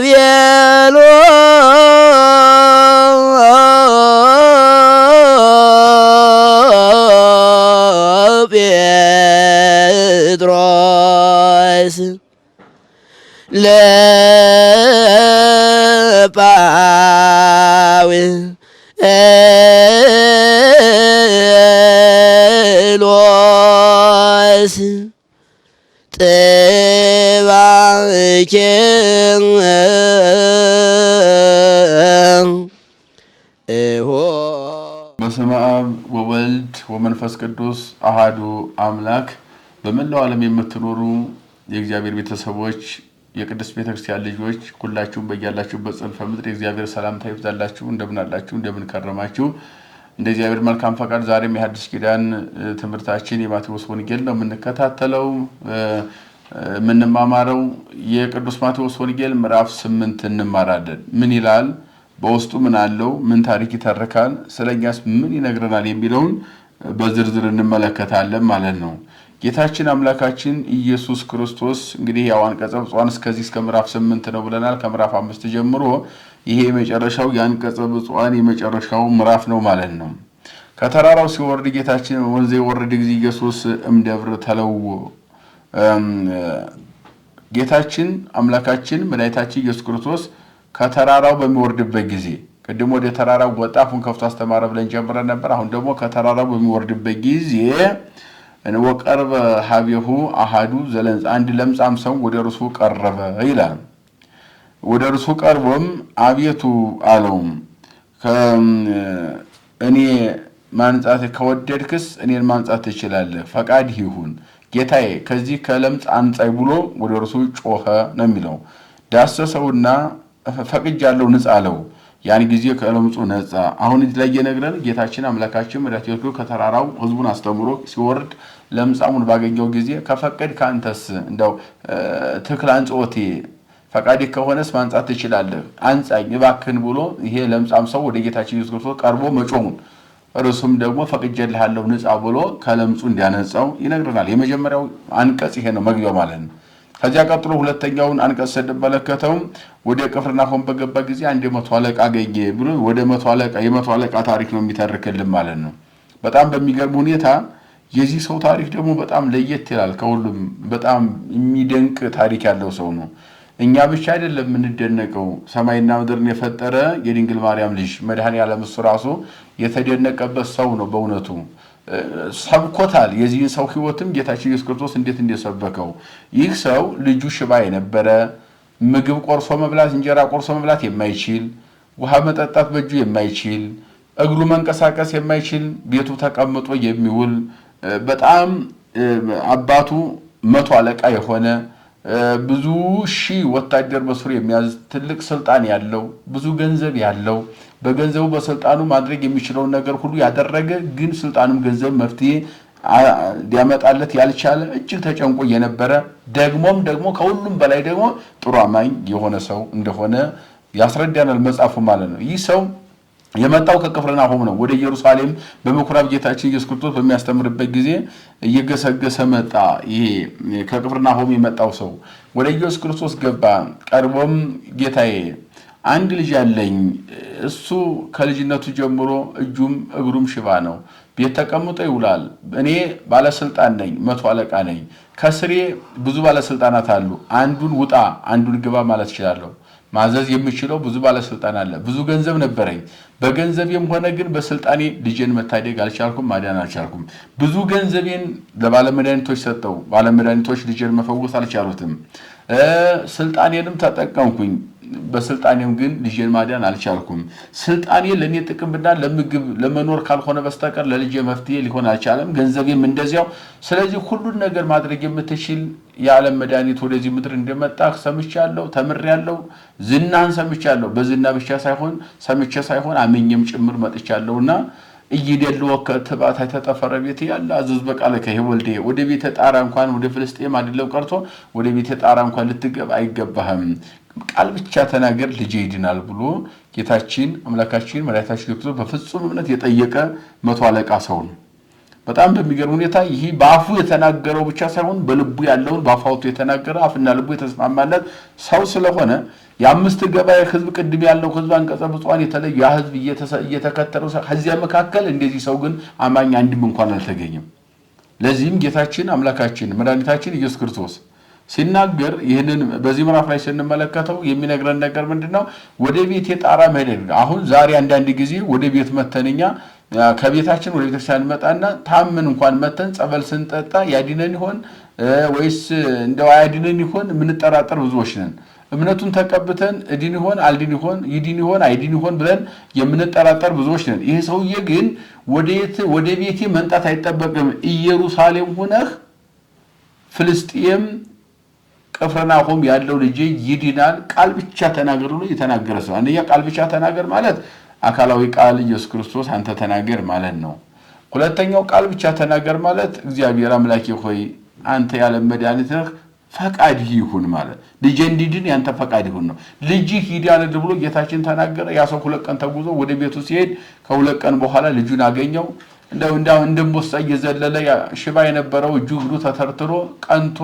¡Bien! መንፈስ ቅዱስ አሃዱ አምላክ በመላው ዓለም የምትኖሩ የእግዚአብሔር ቤተሰቦች የቅድስት ቤተክርስቲያን ልጆች ሁላችሁም በያላችሁበት ጽንፈ ምድር የእግዚአብሔር ሰላምታ ይብዛላችሁ። እንደምናላችሁ፣ እንደምንከረማችሁ እንደ እግዚአብሔር መልካም ፈቃድ ዛሬም የሐዲስ ኪዳን ትምህርታችን የማቴዎስ ወንጌል ነው የምንከታተለው የምንማማረው። የቅዱስ ማቴዎስ ወንጌል ምዕራፍ ስምንት እንማራለን። ምን ይላል? በውስጡ ምን አለው? ምን ታሪክ ይተርካል? ስለኛስ ምን ይነግረናል? የሚለውን በዝርዝር እንመለከታለን ማለት ነው። ጌታችን አምላካችን ኢየሱስ ክርስቶስ እንግዲህ ያው አንቀጸ ብፁዓን እስከዚህ እስከ ምዕራፍ ስምንት ነው ብለናል። ከምዕራፍ አምስት ጀምሮ ይሄ የመጨረሻው የአንቀጸ ብፁዓን የመጨረሻው ምዕራፍ ነው ማለት ነው። ከተራራው ሲወርድ ጌታችን ወንዘ የወረድ ጊዜ ኢየሱስ እምደብር ተለው ጌታችን አምላካችን መድኃኒታችን ኢየሱስ ክርስቶስ ከተራራው በሚወርድበት ጊዜ ቅድም ወደ ተራራው ወጣ ከፍቶ አስተማረ ብለን ጀምረን ነበር። አሁን ደግሞ ከተራራው በሚወርድበት ጊዜ ቀርበ ሀቤሁ አሃዱ ዘለምጽ፣ አንድ ለምጻም ሰው ወደ እርሱ ቀረበ ይላል። ወደ እርሱ ቀርቦም አቤቱ አለው እኔ ማንጻት ከወደድክስ እኔን ማንጻት ትችላለህ፣ ፈቃድ ይሁን ጌታዬ፣ ከዚህ ከለምጽ አንጻይ ብሎ ወደ እርሱ ጮኸ ነው የሚለው። ዳሰሰውና ፈቅጃለሁ ንጻ አለው ያን ጊዜ ከለምጹ ነጻ። አሁን እዚህ ላይ የነግረን ጌታችን አምላካችን መድኃኒታችን ከተራራው ህዝቡን አስተምሮ ሲወርድ ለምጻሙን ባገኘው ጊዜ ከፈቀድ ከአንተስ እንደው ትክል አንጽኦቴ ፈቃድ ከሆነስ ማንጻት ትችላለህ፣ አንጻኝ እባክህን ብሎ ይሄ ለምጻም ሰው ወደ ጌታችን ኢየሱስ ክርስቶስ ቀርቦ መጮሙን እርሱም ደግሞ ፈቅጄልሃለሁ ንጻ ብሎ ከለምጹ እንዲያነጻው ይነግረናል። የመጀመሪያው አንቀጽ ይሄ ነው፣ መግቢያው ማለት ነው። ከዚያ ቀጥሎ ሁለተኛውን አንቀጽ ስንመለከተው ወደ ቅፍርናሆም በገባ ጊዜ አንድ የመቶ አለቃ አገኘ ብሎ ወደ መቶ አለቃ የመቶ አለቃ ታሪክ ነው የሚተርክልን ማለት ነው። በጣም በሚገርም ሁኔታ የዚህ ሰው ታሪክ ደግሞ በጣም ለየት ይላል ከሁሉም። በጣም የሚደንቅ ታሪክ ያለው ሰው ነው። እኛ ብቻ አይደለም የምንደነቀው። ሰማይና ምድርን የፈጠረ የድንግል ማርያም ልጅ መድኃኔ ዓለም እሱ ራሱ የተደነቀበት ሰው ነው። በእውነቱ ሰብኮታል። የዚህን ሰው ህይወትም ጌታችን ኢየሱስ ክርስቶስ እንዴት እንደሰበከው ይህ ሰው ልጁ ሽባ የነበረ ምግብ ቆርሶ መብላት እንጀራ ቆርሶ መብላት የማይችል ውሃ መጠጣት በእጁ የማይችል እግሩ መንቀሳቀስ የማይችል ቤቱ ተቀምጦ የሚውል በጣም አባቱ መቶ አለቃ የሆነ ብዙ ሺህ ወታደር በስሩ የሚያዝ ትልቅ ስልጣን ያለው ብዙ ገንዘብ ያለው በገንዘቡ በስልጣኑ ማድረግ የሚችለውን ነገር ሁሉ ያደረገ ግን ስልጣኑም ገንዘብ መፍትሄ ሊያመጣለት ያልቻለ እጅግ ተጨንቆ የነበረ ደግሞም ደግሞ ከሁሉም በላይ ደግሞ ጥሩ አማኝ የሆነ ሰው እንደሆነ ያስረዳናል መጽሐፉ ማለት ነው። ይህ ሰው የመጣው ከቅፍርናሆም ነው። ወደ ኢየሩሳሌም በምኩራብ ጌታችን ኢየሱስ ክርስቶስ በሚያስተምርበት ጊዜ እየገሰገሰ መጣ። ይሄ ከቅፍርናሆም የመጣው ሰው ወደ ኢየሱስ ክርስቶስ ገባ። ቀርቦም ጌታዬ አንድ ልጅ አለኝ፣ እሱ ከልጅነቱ ጀምሮ እጁም እግሩም ሽባ ነው፣ ቤት ተቀምጦ ይውላል። እኔ ባለስልጣን ነኝ፣ መቶ አለቃ ነኝ። ከስሬ ብዙ ባለስልጣናት አሉ። አንዱን ውጣ፣ አንዱን ግባ ማለት እችላለሁ ማዘዝ የምችለው ብዙ ባለስልጣን አለ። ብዙ ገንዘብ ነበረኝ። በገንዘቤም ሆነ ግን በስልጣኔ ልጄን መታደግ አልቻልኩም፣ ማዳን አልቻልኩም። ብዙ ገንዘቤን ለባለመድኃኒቶች ሰጠው። ባለመድኃኒቶች ልጄን መፈወስ አልቻሉትም። ስልጣኔንም ተጠቀምኩኝ። በስልጣኔም ግን ልጄን ማዳን አልቻልኩም። ስልጣኔ ለእኔ ጥቅምና ለምግብ ለመኖር ካልሆነ በስተቀር ለልጄ መፍትሄ ሊሆን አልቻለም። ገንዘቤም እንደዚያው። ስለዚህ ሁሉን ነገር ማድረግ የምትችል የዓለም መድኃኒት ወደዚህ ምድር እንደመጣ ሰምቻለሁ፣ ተምሬያለሁ። ዝናህን ሰምቻለሁ። በዝና ብቻ ሳይሆን ሰምቼ ሳይሆን አምኜም ጭምር መጥቻለሁና እይደልወከ ትባት የተጠፈረ ቤት ያለ አዘዝ በቃለ ከሄወልዴ ወደ ቤተ ጣራ እንኳን ወደ ፍልስጤም አይደለም ቀርቶ ወደ ቤተ ጣራ እንኳን ልትገባ አይገባህም። ቃል ብቻ ተናገር ልጄ ይድናል ብሎ ጌታችን አምላካችን መድኃኒታችን ክርስቶስ በፍጹም እምነት የጠየቀ መቶ አለቃ ሰው ነው። በጣም በሚገርም ሁኔታ ይህ በአፉ የተናገረው ብቻ ሳይሆን በልቡ ያለውን በአፋውቱ የተናገረ አፍና ልቡ የተስማማለት ሰው ስለሆነ የአምስት ገበያ ህዝብ ቅድም ያለው ህዝብ አንቀጸ ብፁዓን የተለዩ ያ ህዝብ እየተከተለው ከዚያ መካከል እንደዚህ ሰው ግን አማኝ አንድም እንኳን አልተገኘም። ለዚህም ጌታችን አምላካችን መድኃኒታችን ኢየሱስ ክርስቶስ ሲናገር ይህንን በዚህ ምዕራፍ ላይ ስንመለከተው የሚነግረን ነገር ምንድን ነው? ወደ ቤት የጣራ መሄድ አሁን ዛሬ አንዳንድ ጊዜ ወደ ቤት መተንኛ ከቤታችን ወደ ቤተክርስቲያን መጣና ታምን እንኳን መተን ጸበል ስንጠጣ ያድነን ይሆን ወይስ እንደው አያድነን ይሆን የምንጠራጠር ብዙዎች ነን። እምነቱን ተቀብተን እድን ይሆን አልድን ይሆን ይድን ይሆን አይድን ይሆን ብለን የምንጠራጠር ብዙዎች ነን። ይህ ሰውዬ ግን ወደ ቤቴ መምጣት አይጠበቅም፣ ኢየሩሳሌም ሁነህ ፍልስጤም ቅፍርናሆም ያለው ልጄ ይድናል፣ ቃል ብቻ ተናገር ብሎ የተናገረ ሰው። አንደኛ ቃል ብቻ ተናገር ማለት አካላዊ ቃል ኢየሱስ ክርስቶስ አንተ ተናገር ማለት ነው። ሁለተኛው ቃል ብቻ ተናገር ማለት እግዚአብሔር አምላኬ ሆይ አንተ ያለ መድኃኒት ነህ ፈቃድ ይሁን ማለት ልጄ እንዲድን ያንተ ፈቃድ ይሁን ነው። ልጅ ሂድ ያለድ ብሎ ጌታችን ተናገረ። ያ ሰው ሁለት ቀን ተጉዞ ወደ ቤቱ ሲሄድ ከሁለት ቀን በኋላ ልጁን አገኘው። እንደው እንድንቡሳ እየዘለለ ሽባ የነበረው እጁ እግሩ ተተርትሮ ቀንቶ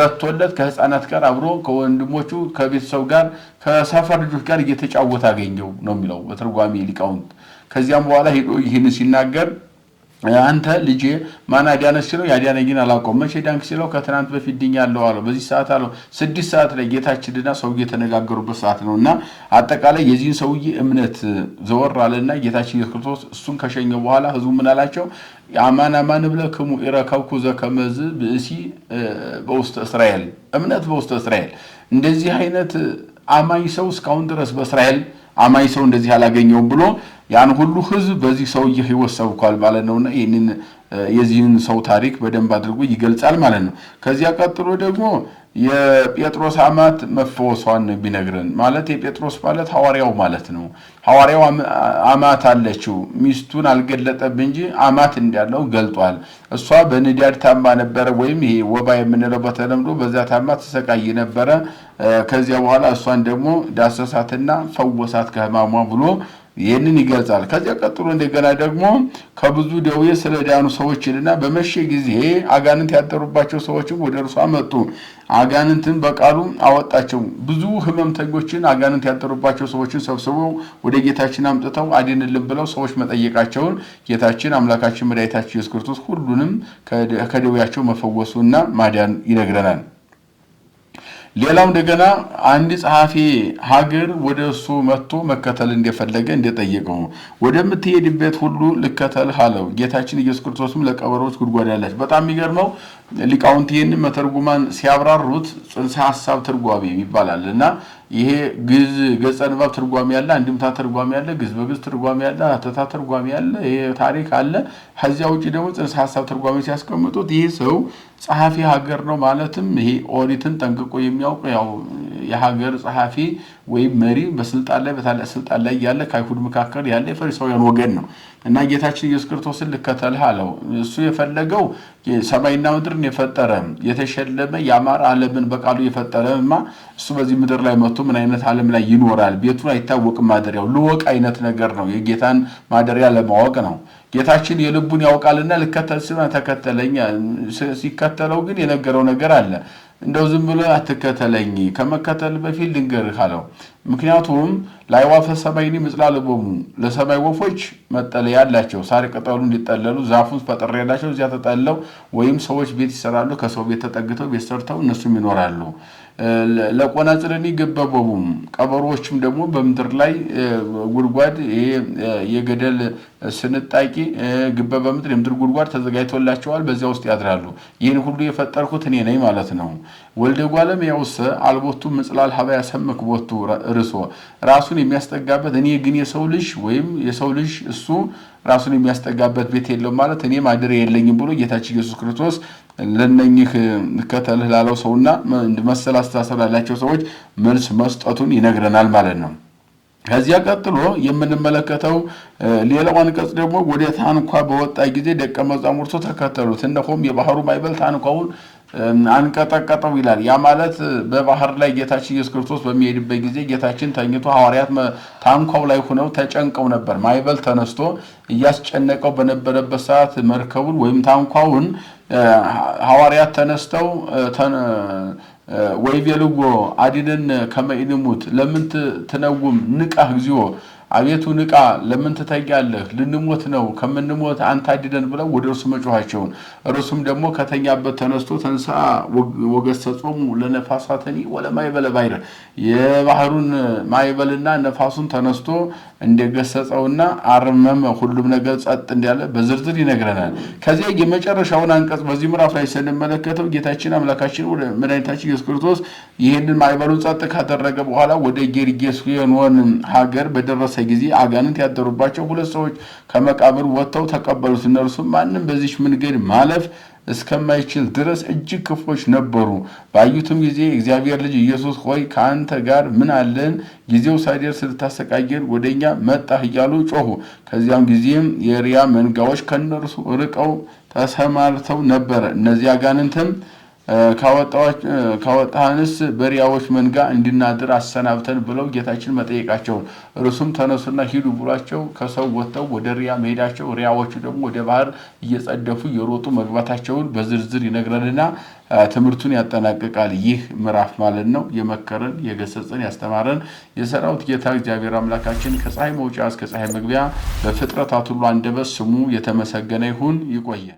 ረቶለት ከህፃናት ጋር አብሮ ከወንድሞቹ ከቤተሰቡ ጋር ከሰፈር ልጆች ጋር እየተጫወተ አገኘው ነው የሚለው በትርጓሜ ሊቃውንት። ከዚያም በኋላ ሄዶ ይህን ሲናገር አንተ ልጄ ማን አዳነህ ሲለው ግን አላውቀውም። መቼ ዳንክ ሲለው ከትናንት በፊት ድኛለሁ አለው። በዚህ ሰዓት አለው ስድስት ሰዓት ላይ ጌታችንና ሰውዬ የተነጋገሩበት ሰዓት ነው እና አጠቃላይ የዚህን ሰውዬ እምነት ዘወር አለና ጌታችን ኢየሱስ ክርስቶስ እሱን ከሸኘ በኋላ ህዝቡ ምን አላቸው? አማን አማን ክሙ ኢረከብኩ ዘከመዝ ብእሲ በውስተ እስራኤል እምነት በውስተ እስራኤል እንደዚህ አይነት አማኝ ሰው እስካሁን ድረስ በእስራኤል አማኝ ሰው እንደዚህ አላገኘውም ብሎ ያን ሁሉ ህዝብ በዚህ ሰውዬ ህይወት ሰብኳል ማለት ነውና ይህንን የዚህን ሰው ታሪክ በደንብ አድርጎ ይገልጻል ማለት ነው። ከዚያ ቀጥሎ ደግሞ የጴጥሮስ አማት መፈወሷን ቢነግረን ማለት የጴጥሮስ ማለት ሐዋርያው ማለት ነው። ሐዋርያው አማት አለችው። ሚስቱን አልገለጠብ እንጂ አማት እንዳለው ገልጧል። እሷ በንዳድ ታማ ነበረ፣ ወይም ይሄ ወባ የምንለው በተለምዶ በዛ ታማ ተሰቃይ ነበረ። ከዚያ በኋላ እሷን ደግሞ ዳሰሳትና ፈወሳት ከሕማሟ ብሎ ይህንን ይገልጻል። ከዚያ ቀጥሎ እንደገና ደግሞ ከብዙ ደዌ ስለዳኑ ሰዎች ይልና በመሸ ጊዜ አጋንንት ያደሩባቸው ሰዎችም ወደ እርሷ መጡ። አጋንንትን በቃሉ አወጣቸው። ብዙ ሕመምተኞችን አጋንንት ያደሩባቸው ሰዎችን ሰብስበው ወደ ጌታችን አምጥተው አድንልን ብለው ሰዎች መጠየቃቸውን ጌታችን አምላካችን መድኃኒታችን ኢየሱስ ክርስቶስ ሁሉንም ከደዌያቸው እና ማዳን ይነግረናል። ሌላው እንደገና አንድ ጸሐፊ ሀገር ወደ እሱ መጥቶ መከተል እንደፈለገ እንደጠየቀው ወደምትሄድበት ሁሉ ልከተልህ አለው። ጌታችን ኢየሱስ ክርስቶስም ለቀበሮች ጉድጓድ ያለች በጣም የሚገርመው ሊቃውንት ይህንን መተርጉማን ሲያብራሩት ጽንሰ ሀሳብ ትርጓሜ ይባላል እና ይሄ ግዕዝ ገጸ ንባብ ትርጓሜ ያለ፣ አንድምታ ትርጓሜ ያለ፣ ግዕዝ በግዕዝ ትርጓሜ ያለ፣ አተታ ትርጓሜ ያለ፣ ይሄ ታሪክ አለ። ከዚያ ውጭ ደግሞ ጽንሰ ሀሳብ ትርጓሜ ሲያስቀምጡት ይህ ሰው ጸሐፊ ሀገር ነው ማለትም ይሄ ኦሪትን ጠንቅቆ የሚያውቅ ያው የሀገር ጸሐፊ ወይም መሪ በስልጣን ላይ በታላቅ ስልጣን ላይ ያለ ከአይሁድ መካከል ያለ የፈሪሳውያን ወገን ነው እና ጌታችን ኢየሱስ ክርስቶስን ልከተልህ አለው። እሱ የፈለገው ሰማይና ምድርን የፈጠረ የተሸለመ የአማረ ዓለምን በቃሉ የፈጠረማ እሱ በዚህ ምድር ላይ መጥቶ ምን አይነት ዓለም ላይ ይኖራል? ቤቱን አይታወቅም። ማደሪያው ልወቅ አይነት ነገር ነው። የጌታን ማደሪያ ለማወቅ ነው። ጌታችን የልቡን ያውቃልና ልከተል ስማ ተከተለኛ። ሲከተለው ግን የነገረው ነገር አለ እንደው ዝም ብሎ አትከተለኝ ከመከተል በፊት ልንገርህ አለው። ምክንያቱም ላይዋፈ ሰማይኒ ቦሙ ለሰማይ ወፎች መጠለያ አላቸው። ሳር ቅጠሉ እንዲጠለሉ ዛፉን ያላቸው እዚያ ተጠለው ወይም ሰዎች ቤት ይሰራሉ። ከሰው ቤት ተጠግተው ቤት ሰርተው እነሱም ይኖራሉ። ለቆናጽለኒ ገበበቡም ቀበሮዎችም ደግሞ በምድር ላይ ጉድጓድ የገደል ስንጣቂ ግበ በምድር የምድር ጉድጓድ ተዘጋጅቶላቸዋል። በዚያ ውስጥ ያድራሉ። ይህን ሁሉ የፈጠርኩት እኔ ነኝ ማለት ነው። ወልደ ጓለም ያውሰ አልቦቱ ምጽላል ሀበ ያሰምክ ቦቱ ርሶ ራሱን የሚያስጠጋበት እኔ ግን የሰው ልጅ ወይም የሰው ልጅ እሱ ራሱን የሚያስጠጋበት ቤት የለውም ማለት እኔ ማደሪያ የለኝም ብሎ ጌታችን ኢየሱስ ክርስቶስ ለነኝህ ከተልህ ላለው ሰውና መሰል አስተሳሰብ ላላቸው ሰዎች መልስ መስጠቱን ይነግረናል ማለት ነው። ከዚያ ቀጥሎ የምንመለከተው ሌላው አንቀጽ ደግሞ ወደ ታንኳ በወጣ ጊዜ ደቀ መዛሙርቱ ተከተሉት፣ እነሆም የባህሩ ማዕበል ታንኳውን አንቀጠቀጠው ይላል። ያ ማለት በባህር ላይ ጌታችን ኢየሱስ ክርስቶስ በሚሄድበት ጊዜ ጌታችን ተኝቶ ሐዋርያት ታንኳው ላይ ሆነው ተጨንቀው ነበር። ማይበል ተነስቶ እያስጨነቀው በነበረበት ሰዓት መርከቡን ወይም ታንኳውን ሐዋርያት ተነስተው ወይቤልዎ አድኅነነ ከመ ኢንሙት ለምን ትነውም ንቃህ እግዚኦ አቤቱ ንቃ፣ ለምን ትተኛለህ? ልንሞት ነው፣ ከምንሞት አንተ አድነን ብለው ወደ እርሱ መጮኋቸውን እርሱም ደግሞ ከተኛበት ተነስቶ ተንሳ ወገሠጾሙ ለነፋሳትኒ ወለማዕበለ ባሕር የባህሩን ማይበልና ነፋሱን ተነስቶ እንደገሰጸውና አርመመ ሁሉም ነገር ጸጥ እንዳለ በዝርዝር ይነግረናል። ከዚያ የመጨረሻውን አንቀጽ በዚህ ምዕራፍ ላይ ስንመለከተው ጌታችን አምላካችን መድኃኒታችን ኢየሱስ ክርስቶስ ይህንን ማዕበሉን ጸጥ ካደረገ በኋላ ወደ ጌርጌሴኖን ሀገር በደረሰ ጊዜ አጋንንት ያደሩባቸው ሁለት ሰዎች ከመቃብር ወጥተው ተቀበሉት። እነርሱም ማንም በዚች መንገድ ማለፍ እስከማይችል ድረስ እጅግ ክፎች ነበሩ። ባዩትም ጊዜ እግዚአብሔር ልጅ ኢየሱስ ሆይ ከአንተ ጋር ምን አለን? ጊዜው ሳይደርስ ልታሰቃየን ወደ እኛ መጣህ እያሉ ጮኹ። ከዚያም ጊዜም የሪያ መንጋዎች ከነርሱ ርቀው ተሰማርተው ነበረ። እነዚያ አጋንንትም ካወጣንስ በሪያዎች መንጋ እንድናድር አሰናብተን ብለው ጌታችን መጠየቃቸውን እርሱም ተነሱና ሂዱ ብሏቸው ከሰው ወጥተው ወደ ሪያ መሄዳቸው ሪያዎቹ ደግሞ ወደ ባህር እየጸደፉ የሮጡ መግባታቸውን በዝርዝር ይነግረንና ትምህርቱን ያጠናቅቃል። ይህ ምዕራፍ ማለት ነው። የመከረን የገሰጸን ያስተማረን የሰራዊት ጌታ እግዚአብሔር አምላካችን ከፀሐይ መውጫ እስከ ፀሐይ መግቢያ በፍጥረታት ሁሉ አንደበት ስሙ የተመሰገነ ይሁን። ይቆየ